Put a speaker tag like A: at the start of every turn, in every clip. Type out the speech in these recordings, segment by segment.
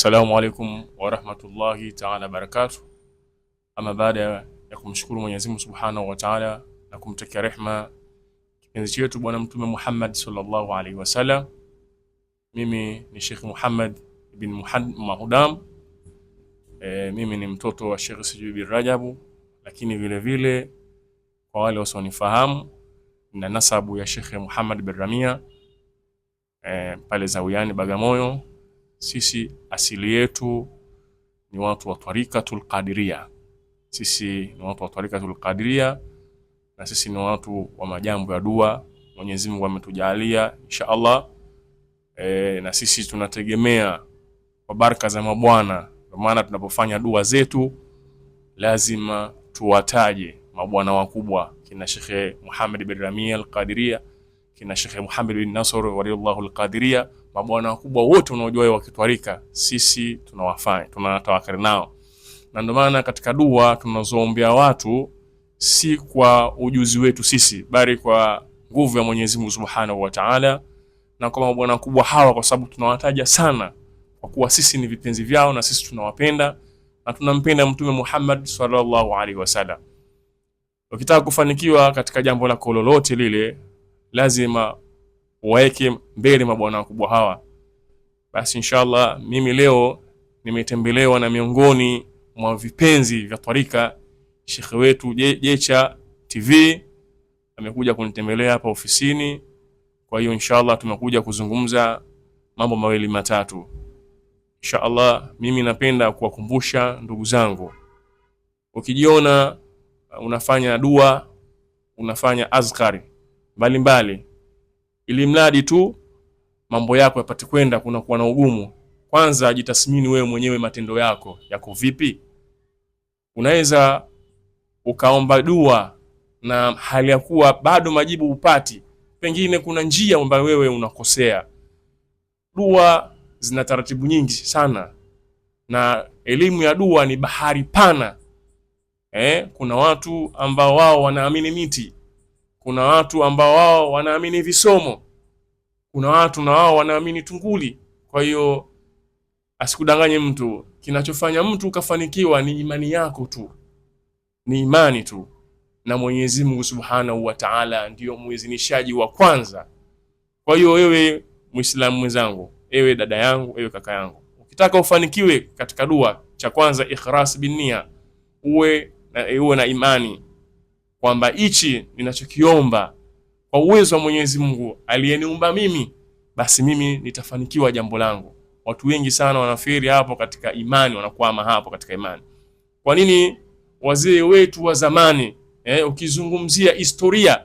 A: Assalamu alaikum warahmatullahi taala wabarakatu Ama baada ya kumshukuru Mwenyezi Mungu subhanahu wa taala na kumtakia rehma kipenzi chetu Bwana Mtume Muhammad sallallahu alaihi wasallam, mimi ni Sheikh Muhammad ibn Mahudam. E, mimi ni mtoto wa Sheikh Sijui bin Rajabu, lakini vilevile vile, kwa wale wasionifahamu na nasabu ya Sheikh Muhammad bin Ramia e, pale Zawiani Bagamoyo sisi asili yetu ni watu wa Tarikatul Qadiria, sisi ni watu wa Tarikatul Qadiria na sisi ni watu wa majambo ya dua. Mwenyezi Mungu ametujalia insha Allah e, na sisi tunategemea kwa baraka za mabwana. Kwa maana tunapofanya dua zetu lazima tuwataje mabwana wakubwa, kina Shekhe Muhammad bin Ramia Al-Qadiria, kina Shekhe Muhammad bin Nasr waliyallahu Al-Qadiria mabwana wakubwa wote unaojua wakitwarika, sisi tunawafanya tunatawakali nao, na ndio maana katika dua tunazoombea watu si kwa ujuzi wetu sisi, bali kwa nguvu ya Mwenyezi Mungu Subhanahu wa Ta'ala, na kwa mabwana wakubwa hawa, kwa sababu tunawataja sana, kwa kuwa sisi ni vipenzi vyao na sisi tunawapenda na tunampenda Mtume Muhammad sallallahu alaihi wasallam. Ukitaka kufanikiwa katika jambo lako lolote lile, lazima waweke mbele mabwana wakubwa hawa. Basi inshallah, mimi leo nimetembelewa na miongoni mwa vipenzi vya tarika, shekhe wetu Jecha TV amekuja kunitembelea hapa ofisini. Kwa hiyo inshallah, tumekuja kuzungumza mambo mawili matatu. Inshallah, mimi napenda kuwakumbusha ndugu zangu, ukijiona unafanya dua unafanya azkari mbalimbali ili mradi tu mambo yako yapate kwenda, kuna kuwa na ugumu. Kwanza jitathmini wewe mwenyewe, matendo yako yako vipi? Unaweza ukaomba dua na hali ya kuwa bado majibu hupati, pengine kuna njia ambayo wewe unakosea. Dua zina taratibu nyingi sana, na elimu ya dua ni bahari pana. Eh, kuna watu ambao wao wanaamini miti kuna watu ambao wao wanaamini visomo, kuna watu na wao wanaamini tunguli. Kwa hiyo asikudanganye mtu. Kinachofanya mtu ukafanikiwa ni imani yako tu, ni imani tu, na Mwenyezi Mungu Subhanahu wa Ta'ala ndiyo mwezinishaji wa kwanza. Kwa hiyo wewe Muislamu mwenzangu, ewe dada yangu, ewe kaka yangu, ukitaka ufanikiwe katika dua, cha kwanza ikhlas bin nia, uwe na, uwe na imani kwamba hichi ninachokiomba kwa uwezo wa Mwenyezi Mungu aliyeniumba mimi, basi mimi nitafanikiwa jambo langu. Watu wengi sana wanaferi hapo katika imani, wanakwama hapo katika imani. Kwa nini wazee wetu wa zamani eh, ukizungumzia historia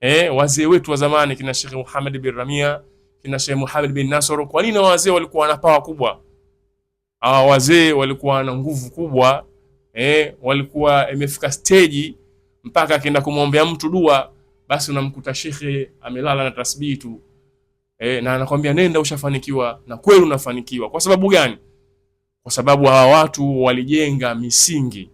A: eh, wazee wetu wa zamani kina Sheikh Muhammad bin Ramia kina Sheikh Muhammad bin Nasr, kwa nini wazee walikuwa na pawa kubwa? Hawa wazee walikuwa na nguvu kubwa eh, walikuwa imefika steji mpaka akienda kumwombea mtu dua, basi unamkuta shekhe amelala na tasbih tu e, na anakwambia nenda, ushafanikiwa. Na kweli unafanikiwa. Kwa sababu gani? Kwa sababu hawa watu walijenga misingi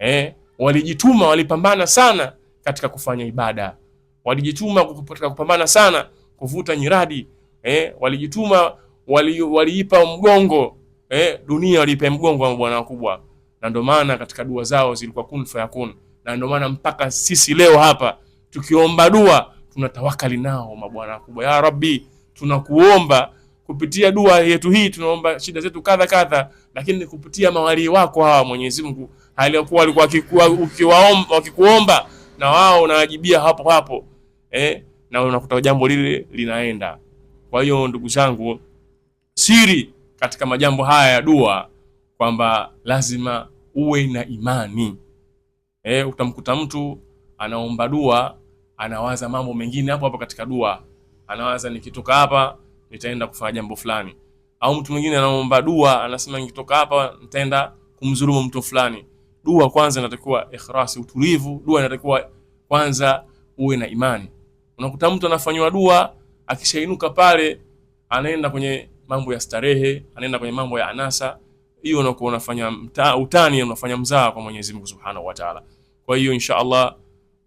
A: e, walijituma, walipambana sana katika kufanya ibada, walijituma katika kupambana sana kuvuta nyiradi e, walijituma, waliipa wali mgongo e, dunia waliipa mgongo wa bwana wakubwa, na ndio maana katika dua zao zilikuwa kun fayakun na ndio maana mpaka sisi leo hapa tukiomba dua tunatawakali nao mabwana kubwa. Ya Rabbi, tunakuomba kupitia dua yetu hii, tunaomba shida zetu kadha kadha, lakini kupitia mawalii wako hawa, Mwenyezi Mungu, hali walikuwa ukiwaomba, wakikuomba na wao unawajibia hapo hapo eh, na unakuta jambo lile linaenda. Kwa hiyo ndugu zangu, siri katika majambo haya ya dua kwamba lazima uwe na imani. Eh, utamkuta mtu anaomba dua anawaza mambo mengine hapo hapo katika dua, anawaza nikitoka hapa nitaenda kufanya jambo fulani. Au mtu mwingine anaomba dua anasema nikitoka hapa nitaenda kumdhulumu mtu fulani. Dua kwanza inatakiwa ikhlasi, utulivu. Dua inatakiwa kwanza uwe na imani. Unakuta mtu anafanywa dua, akishainuka pale anaenda kwenye mambo ya starehe, anaenda kwenye mambo ya anasa. Hiyo unakuwa unafanya utani, unafanya mzaa kwa Mwenyezi Mungu Subhanahu wa Ta'ala. Kwa hiyo insha Allah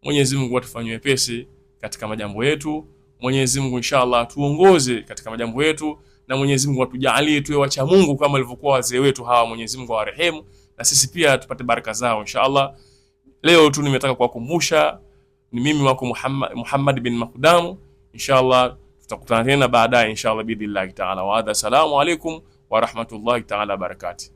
A: Mwenyezi Mungu atufanyie wepesi katika majambo yetu. Mwenyezi Mungu insha Allah tuongoze katika majambo yetu, na Mwenyezi Mungu atujalie tuwe wacha Mungu kama walivyokuwa wazee wetu hawa. Mwenyezi Mungu awarehemu na sisi pia tupate baraka zao insha Allah. Leo tu nimetaka kuwakumbusha, ni mimi wako Muhammad, Muhammad bin Makudamu. Insha Allah tutakutana tena baadaye insha Allah biidhnillahi taala. Wa hadha, salamu alaikum wa rahmatullahi taala barakatuh.